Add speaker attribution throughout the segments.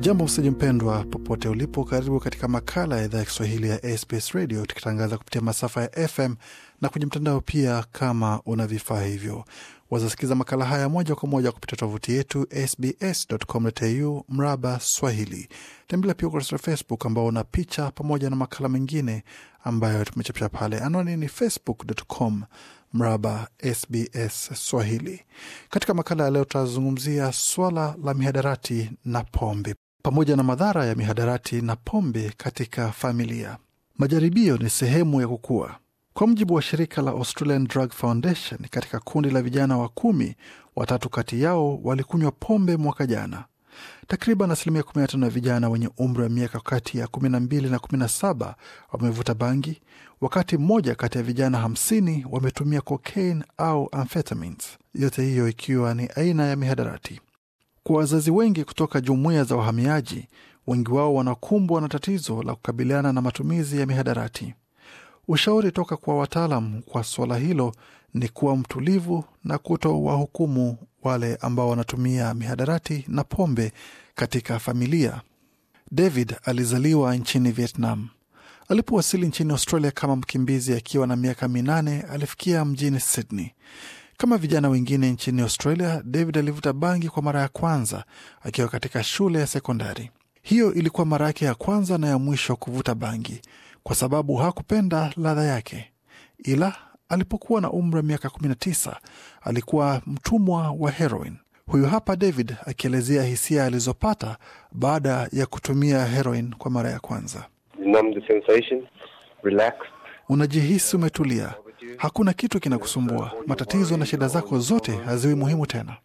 Speaker 1: Jambo msiji mpendwa, popote ulipo, karibu katika makala ya idhaa ya Kiswahili ya SBS Radio, tukitangaza kupitia masafa ya FM na kwenye mtandao pia. Kama una vifaa hivyo, wazasikiza makala haya moja kwa moja kupitia tovuti yetu sbs.com.au mraba Swahili. Tembelea pia ukurasa wa Facebook ambao una picha pamoja na makala mengine ambayo tumechapisha pale. Anwani ni facebook.com mraba SBS Swahili. Katika makala ya leo, tutazungumzia swala la mihadarati na pombe pamoja na madhara ya mihadarati na pombe katika familia. Majaribio ni sehemu ya kukua. Kwa mujibu wa shirika la Australian Drug Foundation, katika kundi la vijana wa kumi, watatu kati yao walikunywa pombe mwaka jana. Takriban asilimia 15 ya vijana wenye umri wa miaka kati ya 12 na 17 wamevuta bangi, wakati mmoja kati ya vijana 50 wametumia cocaine au amphetamines, yote hiyo ikiwa ni aina ya mihadarati. Kwa wazazi wengi kutoka jumuiya za wahamiaji, wengi wao wanakumbwa na tatizo la kukabiliana na matumizi ya mihadarati. Ushauri toka kwa wataalam kwa suala hilo ni kuwa mtulivu na kuto wahukumu wale ambao wanatumia mihadarati na pombe katika familia. David alizaliwa nchini Vietnam. Alipowasili nchini Australia kama mkimbizi akiwa na miaka minane, alifikia mjini Sydney. Kama vijana wengine nchini Australia, David alivuta bangi kwa mara ya kwanza akiwa katika shule ya sekondari. Hiyo ilikuwa mara yake ya kwanza na ya mwisho kuvuta bangi kwa sababu hakupenda ladha yake, ila alipokuwa na umri wa miaka 19 alikuwa mtumwa wa heroin. Huyu hapa David akielezea hisia alizopata baada ya kutumia heroin kwa mara ya kwanza. Unajihisi umetulia, Hakuna kitu kinakusumbua, matatizo na shida zako zote haziwi muhimu tena.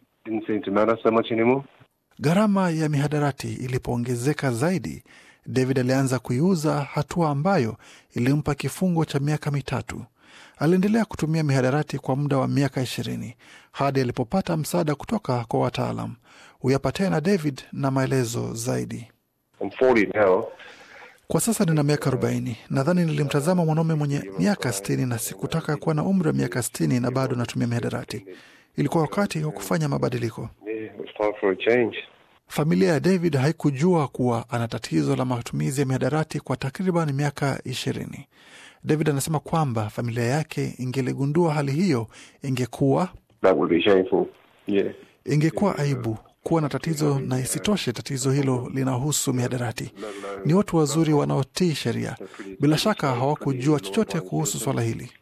Speaker 1: Gharama ya mihadarati ilipoongezeka zaidi, David alianza kuiuza, hatua ambayo ilimpa kifungo cha miaka mitatu. Aliendelea kutumia mihadarati kwa muda wa miaka ishirini hadi alipopata msaada kutoka kwa wataalam. Huyapa tena David na maelezo zaidi. Now, kwa sasa nina miaka 40. Nadhani nilimtazama mwanaume mwenye miaka 60 na sikutaka kuwa na umri wa miaka 60 na bado natumia mihadarati. Ilikuwa wakati wa kufanya mabadiliko. Familia ya David haikujua kuwa ana tatizo la matumizi ya mihadarati kwa takriban miaka ishirini. David anasema kwamba familia yake ingeligundua hali hiyo ingekuwa ingekuwa aibu kuwa na tatizo, na isitoshe tatizo hilo linahusu mihadarati. Ni watu wazuri wanaotii sheria, bila shaka hawakujua chochote kuhusu swala hili.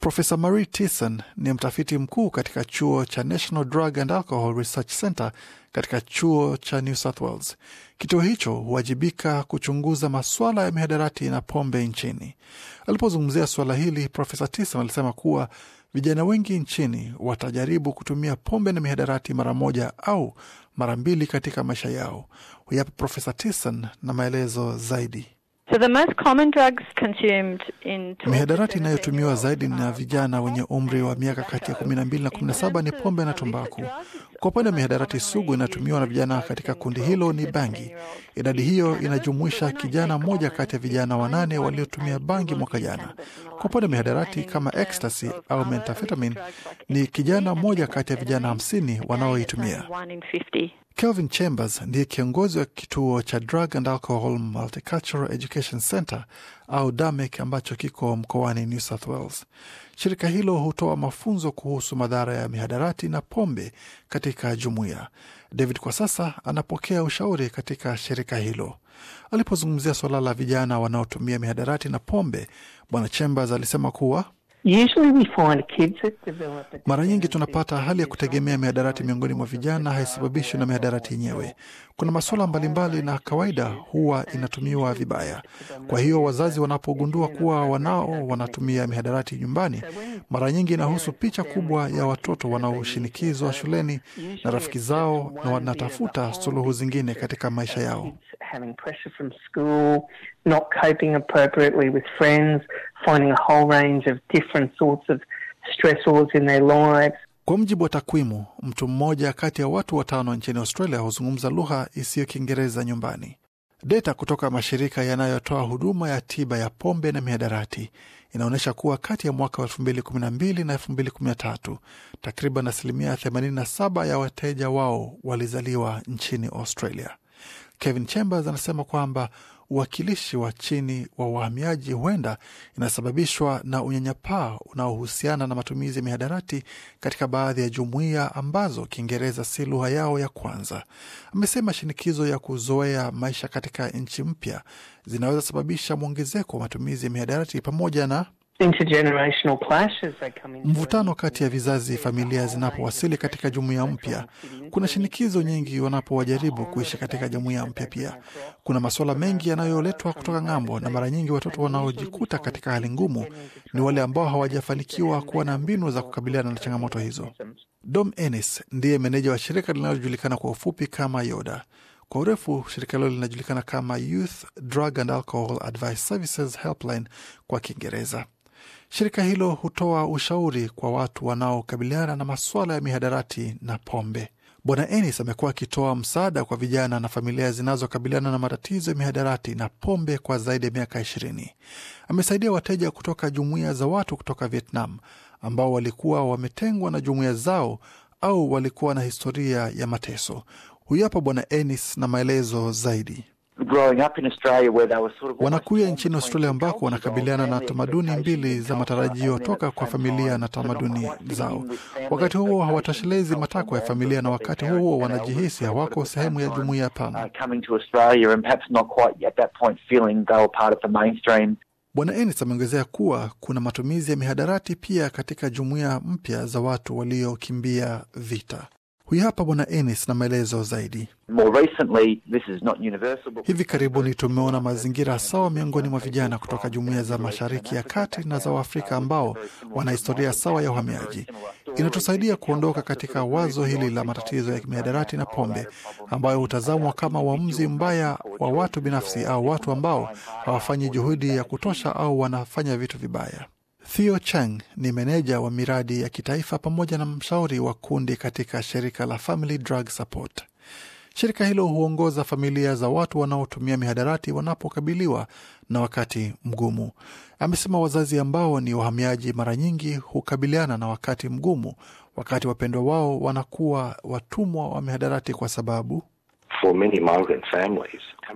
Speaker 1: Profesa Marie Tison ni mtafiti mkuu katika chuo cha National Drug and Alcohol Research Center katika chuo cha New South Wales. Kituo hicho huwajibika kuchunguza maswala ya mihadarati na pombe nchini. Alipozungumzia suala hili, Profesa Tison alisema kuwa vijana wengi nchini watajaribu kutumia pombe na mihadarati mara moja au mara mbili katika maisha yao. Huyapo Profesa Tison na maelezo zaidi mihadarati inayotumiwa zaidi na vijana wenye umri wa miaka kati ya 12 na 17 ni pombe na tumbaku. Kwa upande wa mihadarati sugu inayotumiwa na vijana katika kundi hilo ni bangi. Idadi hiyo inajumuisha kijana mmoja kati ya vijana wanane waliotumia bangi mwaka jana. Kwa upande wa mihadarati kama ecstasy au methamphetamine ni kijana mmoja kati ya vijana 50 wanaoitumia. Kelvin Chambers ndiye kiongozi wa kituo cha Drug and Alcohol Multicultural Education Center au DAMEC ambacho kiko mkoani New South Wales. Shirika hilo hutoa mafunzo kuhusu madhara ya mihadarati na pombe katika jumuiya. David kwa sasa anapokea ushauri katika shirika hilo. Alipozungumzia suala la vijana wanaotumia mihadarati na pombe, Bwana Chambers alisema kuwa mara nyingi tunapata hali ya kutegemea mihadarati miongoni mwa vijana haisababishwi na mihadarati yenyewe. Kuna masuala mbalimbali, na kawaida huwa inatumiwa vibaya. Kwa hiyo wazazi wanapogundua kuwa wanao wanatumia mihadarati nyumbani, mara nyingi inahusu picha kubwa ya watoto wanaoshinikizwa shuleni na rafiki zao, na wanatafuta suluhu zingine katika maisha yao having pressure from school, not coping appropriately with friends, finding a whole range of different sorts of stressors in their lives. Kwa mjibu wa takwimu, mtu mmoja kati ya watu watano nchini Australia huzungumza lugha isiyo Kiingereza nyumbani. Data kutoka mashirika yanayotoa huduma ya tiba ya pombe na mihadarati inaonyesha kuwa kati ya mwaka wa 2012 na 2013 takriban asilimia 87 ya wateja wao walizaliwa nchini Australia. Kevin Chambers anasema kwamba uwakilishi wa chini wa wahamiaji huenda inasababishwa na unyanyapaa unaohusiana na matumizi ya mihadarati katika baadhi ya jumuiya ambazo Kiingereza si lugha yao ya kwanza. Amesema shinikizo ya kuzoea maisha katika nchi mpya zinaweza sababisha mwongezeko wa matumizi ya mihadarati pamoja na Mvutano kati ya vizazi, familia zinapowasili katika jumuiya mpya, kuna shinikizo nyingi wanapowajaribu kuishi katika jumuiya mpya. Pia kuna masuala mengi yanayoletwa kutoka ng'ambo, na mara nyingi watoto wanaojikuta katika hali ngumu ni wale ambao hawajafanikiwa kuwa na mbinu za kukabiliana na changamoto hizo. Dom Ennis ndiye meneja wa shirika linalojulikana kwa ufupi kama Yoda. Kwa urefu shirika hilo linajulikana kama Youth Drug and Alcohol Advice Services Helpline kwa Kiingereza. Shirika hilo hutoa ushauri kwa watu wanaokabiliana na masuala ya mihadarati na pombe. Bwana Enis amekuwa akitoa msaada kwa vijana na familia zinazokabiliana na matatizo ya mihadarati na pombe kwa zaidi ya miaka ishirini. Amesaidia wateja kutoka jumuiya za watu kutoka Vietnam ambao walikuwa wametengwa na jumuiya zao au walikuwa na historia ya mateso. Huyu hapa Bwana enis na maelezo zaidi wanakuya nchini Australia ambako wanakabiliana na tamaduni mbili za matarajio toka kwa familia na tamaduni zao. Wakati huo hawatoshelezi matakwa ya familia, na wakati huo wanajihisi hawako sehemu ya jumuiya pana. Uh, Bwana Ennis ameongezea kuwa kuna matumizi ya mihadarati pia katika jumuiya mpya za watu waliokimbia vita. Huyu hapa Bwana Ennis na maelezo zaidi. More recently, this is not universal, but... hivi karibuni tumeona mazingira sawa miongoni mwa vijana kutoka jumuiya za Mashariki ya Kati na za Waafrika ambao wana historia sawa ya uhamiaji. Inatusaidia kuondoka katika wazo hili la matatizo ya mihadarati na pombe ambayo hutazamwa kama uamuzi mbaya wa watu binafsi au watu ambao hawafanyi juhudi ya kutosha au wanafanya vitu vibaya. Theo Chang ni meneja wa miradi ya kitaifa pamoja na mshauri wa kundi katika shirika la Family Drug Support. Shirika hilo huongoza familia za watu wanaotumia mihadarati wanapokabiliwa na wakati mgumu. Amesema wazazi ambao ni wahamiaji mara nyingi hukabiliana na wakati mgumu wakati wapendwa wao wanakuwa watumwa wa mihadarati kwa sababu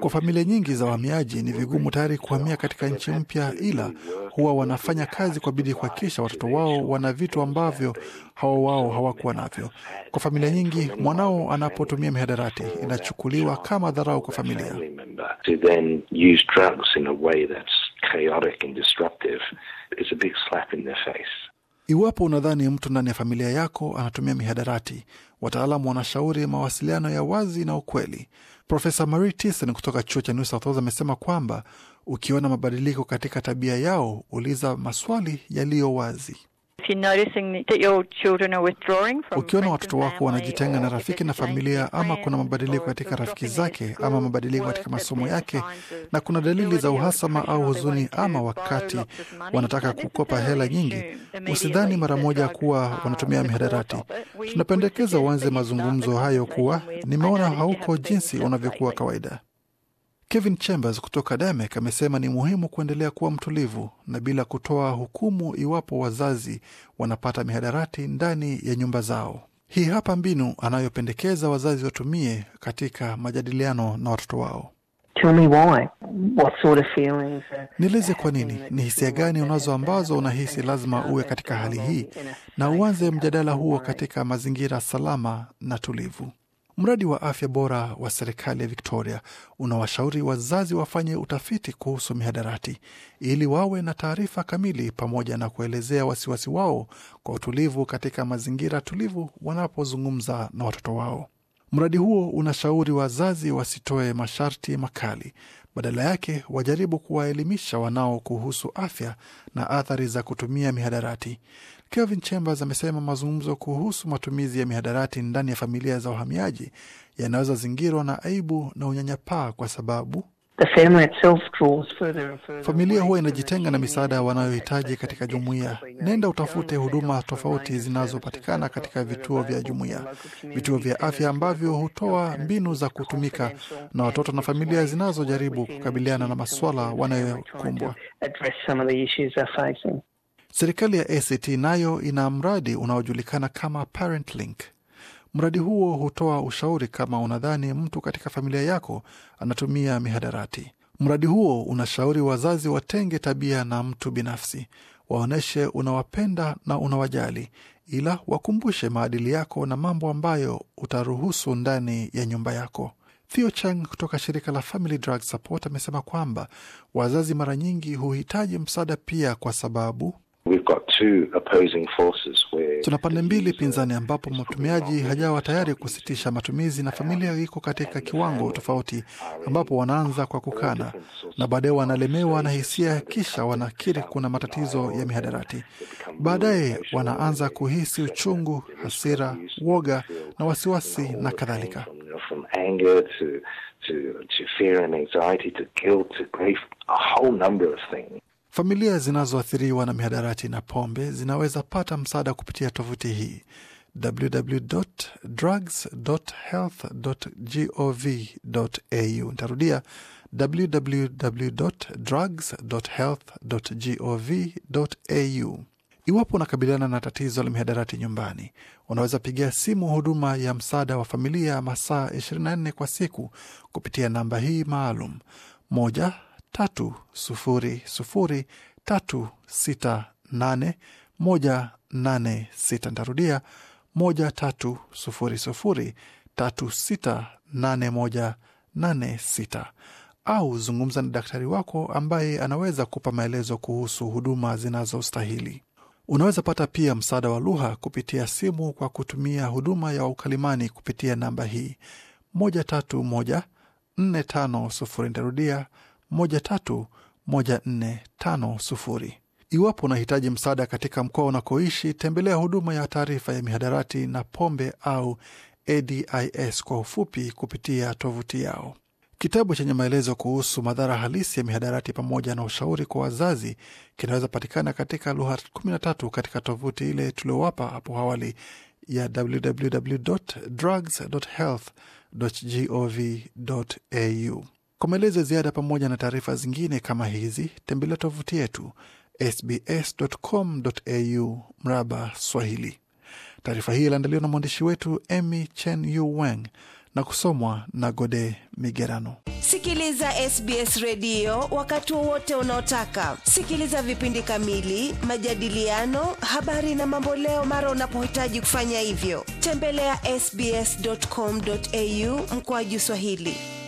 Speaker 1: kwa familia nyingi za wahamiaji ni vigumu tayari kuhamia katika nchi mpya, ila huwa wanafanya kazi kwa bidii kuhakikisha watoto wao wana vitu ambavyo hao wao hawakuwa navyo. Kwa familia nyingi, mwanao anapotumia mihadarati inachukuliwa kama dharau kwa familia. Iwapo unadhani mtu ndani ya familia yako anatumia mihadarati, wataalamu wanashauri mawasiliano ya wazi na ukweli. Profesa Marie Tison kutoka chuo cha New South Wales amesema kwamba ukiona mabadiliko katika tabia yao, uliza maswali yaliyo wazi. Ukiona watoto wako wanajitenga na rafiki na familia, ama kuna mabadiliko katika rafiki zake, ama mabadiliko katika masomo yake, na kuna dalili za uhasama au huzuni, ama wakati wanataka kukopa hela nyingi, usidhani mara moja kuwa ah, wanatumia mihadarati. Tunapendekeza uanze mazungumzo hayo kuwa nimeona hauko jinsi unavyokuwa kawaida. Kevin Chambers kutoka Damek amesema ni muhimu kuendelea kuwa mtulivu na bila kutoa hukumu iwapo wazazi wanapata mihadarati ndani ya nyumba zao. Hii hapa mbinu anayopendekeza wazazi watumie katika majadiliano na watoto wao. nieleze kwa nini, ni hisia gani unazo ambazo unahisi lazima uwe katika hali hii, na uanze mjadala huo katika mazingira salama na tulivu. Mradi wa afya bora wa serikali ya Victoria unawashauri wazazi wafanye utafiti kuhusu mihadarati ili wawe na taarifa kamili pamoja na kuelezea wasiwasi wao kwa utulivu katika mazingira tulivu wanapozungumza na watoto wao. Mradi huo unashauri wazazi wasitoe masharti makali, badala yake wajaribu kuwaelimisha wanao kuhusu afya na athari za kutumia mihadarati. Kevin Chambers amesema mazungumzo kuhusu matumizi ya mihadarati ndani ya familia za uhamiaji yanaweza zingirwa na aibu na unyanyapaa kwa sababu familia huwa inajitenga na misaada wanayohitaji katika jumuiya. Nenda utafute huduma tofauti zinazopatikana katika vituo vya jumuiya, vituo vya afya ambavyo hutoa mbinu za kutumika na watoto na familia zinazojaribu kukabiliana na maswala wanayokumbwa. Serikali ya ACT nayo ina mradi unaojulikana kama Parent Link. Mradi huo hutoa ushauri kama unadhani mtu katika familia yako anatumia mihadarati. Mradi huo unashauri wazazi watenge tabia na mtu binafsi, waonyeshe unawapenda na unawajali, ila wakumbushe maadili yako na mambo ambayo utaruhusu ndani ya nyumba yako. Theo Chang kutoka shirika la Family Drug Support amesema kwamba wazazi mara nyingi huhitaji msaada pia, kwa sababu Tuna pande mbili pinzani ambapo mtumiaji hajawa tayari kusitisha matumizi na familia iko katika kiwango tofauti, ambapo wanaanza kwa kukana na baadaye wanalemewa na hisia, kisha wanakiri kuna matatizo ya mihadarati. Baadaye wanaanza kuhisi uchungu, hasira, woga na wasiwasi na kadhalika. Familia zinazoathiriwa na mihadarati na pombe zinaweza pata msaada kupitia tovuti hii www.drugs.health.gov.au. Nitarudia www.drugs.health.gov.au. Iwapo unakabiliana na tatizo la mihadarati nyumbani, unaweza pigia simu huduma ya msaada wa familia masaa 24 kwa siku kupitia namba hii maalum moja tatu sufuri sufuri tatu sita nane moja nane sita. moja tatu sufuri sufuri tatu sita nane moja nane sita au zungumza na daktari wako ambaye anaweza kupa maelezo kuhusu huduma zinazostahili. Unaweza pata pia msaada wa lugha kupitia simu kwa kutumia huduma ya ukalimani kupitia namba hii moja tatu moja nne tano sufuri. Nitarudia 131450. Iwapo unahitaji msaada katika mkoa unakoishi, tembelea huduma ya taarifa ya mihadarati na pombe au ADIS kwa ufupi kupitia tovuti yao. Kitabu chenye maelezo kuhusu madhara halisi ya mihadarati pamoja na ushauri kwa wazazi kinaweza patikana katika lugha 13 katika tovuti ile tuliowapa hapo awali ya www.drugs.health.gov.au. Kwa maelezo ziada pamoja na taarifa zingine kama hizi, tembelea tovuti yetu sbs.com.au mraba Swahili. Taarifa hii iliandaliwa na mwandishi wetu emy Chen Yu Wang na kusomwa na Gode Migerano. Sikiliza SBS redio wakati wowote unaotaka. Sikiliza vipindi kamili, majadiliano, habari na mamboleo mara unapohitaji kufanya hivyo. Tembelea ya sbs.com.au mkoaju Swahili.